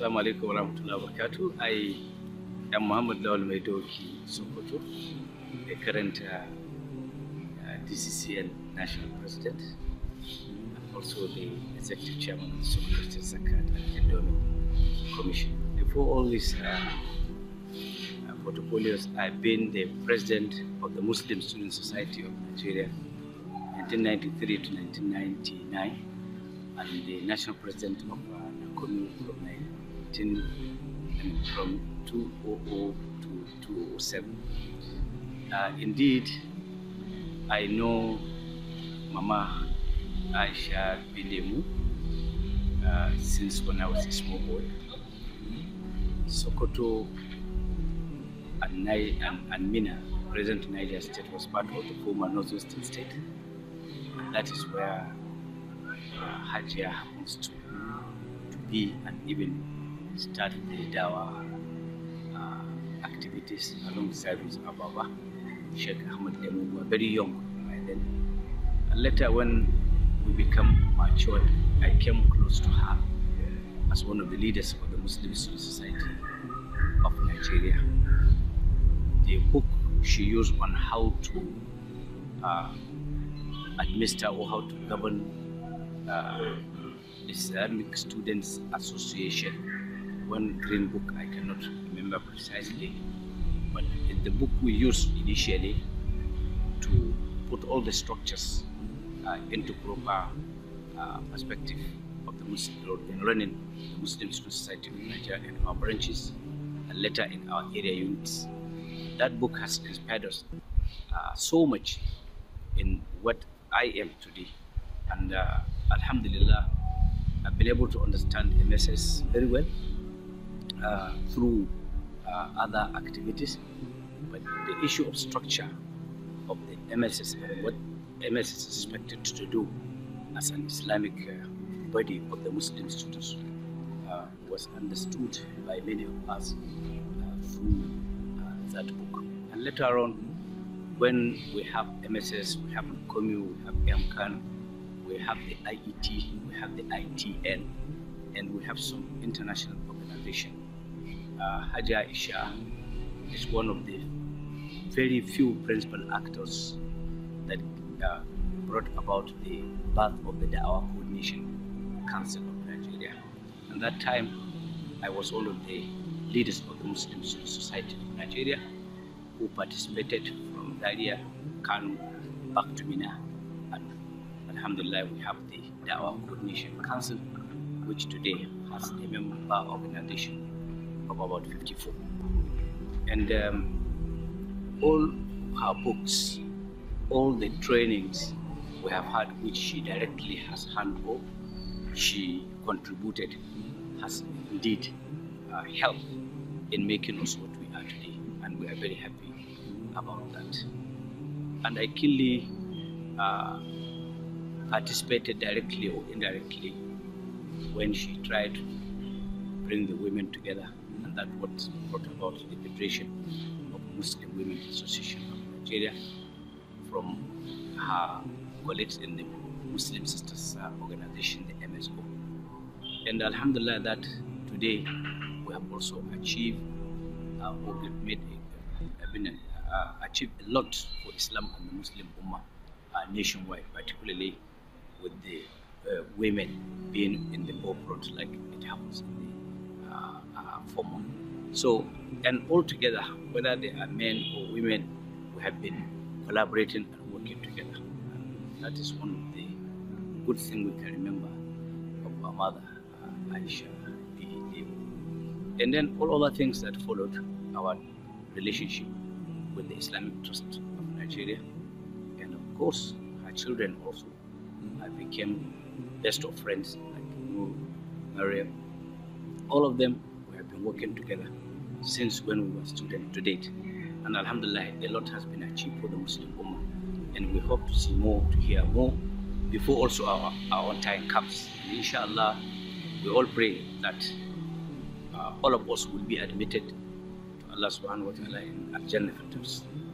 Assalamu alaikum warahmatullahi wabarakatuh. I am Muhammad Lawal Maidoki Sokoto, the current uh, uh, DCCN National President and also the Executive Chairman of the Sokoto State Zakat and Endowment Commission. Before all these uh, uh, portfolios, I've been the President of the Muslim Student Society of Nigeria 1993 to 1999 and the National President of uh, Nakuru from Nigeria and from 200 to 207. Uh, indeed, I know Mama Aisha Bilemu uh, since when I was a small boy. Sokoto and, Ni um, and Mina, present Niger state, was part of the former Northwestern state. And that is where uh, Hajia happens to, to be and even started our uh, activities alongside with Ababa, Sheikh Ahmed Demu. We were very young and then. And later, when we became matured, I came close to her as one of the leaders of the Muslim Society of Nigeria. The book she used on how to uh, administer or how to govern uh, Islamic Students Association one green book, I cannot remember precisely, but the book we used initially to put all the structures uh, into proper uh, perspective of the Muslim learning, the Muslim Society in Nigeria and our branches, and later in our area units. That book has inspired us uh, so much in what I am today. And uh, Alhamdulillah, I've been able to understand MSS very well. Uh, through uh, other activities. But the issue of structure of the MSS and what MSS is expected to do as an Islamic uh, body of the Muslim students uh, was understood by many of us through that book. And later on, when we have MSS, we have COMU, we have MCAN, we have the IET, we have the ITN, and we have some international organization uh, Haja Isha is one of the very few principal actors that uh, brought about the birth of the Dawah Coordination Council of Nigeria. At that time, I was one of the leaders of the Muslim Society of Nigeria who participated from Zaria, Kanu, back to Mina. And Alhamdulillah, we have the Dawah Coordination Council, which today has a member organization of about 54. And um, all her books, all the trainings we have had, which she directly has handled, she contributed, has indeed uh, helped in making us what we are today. And we are very happy about that. And I uh, participated directly or indirectly when she tried bring the women together, and that's what brought about the Federation of Muslim Women Association of Nigeria from her colleagues in the Muslim Sisters uh, Organization, the MSO. And Alhamdulillah, that today we have also achieved uh, made a, uh, achieved a lot for Islam and the Muslim Ummah uh, nationwide, particularly with the uh, women being in the forefront like it happens in the uh, uh, form. So, and altogether, whether they are men or women, we have been collaborating and working together. And that is one of the good things we can remember of our mother, uh, Aisha And then all other things that followed our relationship with the Islamic Trust of Nigeria. And of course, her children also. I uh, became best of friends, like Maria all of them, we have been working together since when we were students to date. And Alhamdulillah, a lot has been achieved for the Muslim woman. And we hope to see more, to hear more, before also our, our own time comes. And inshallah, we all pray that uh, all of us will be admitted to Allah subhanahu wa ta'ala in Al-Jannah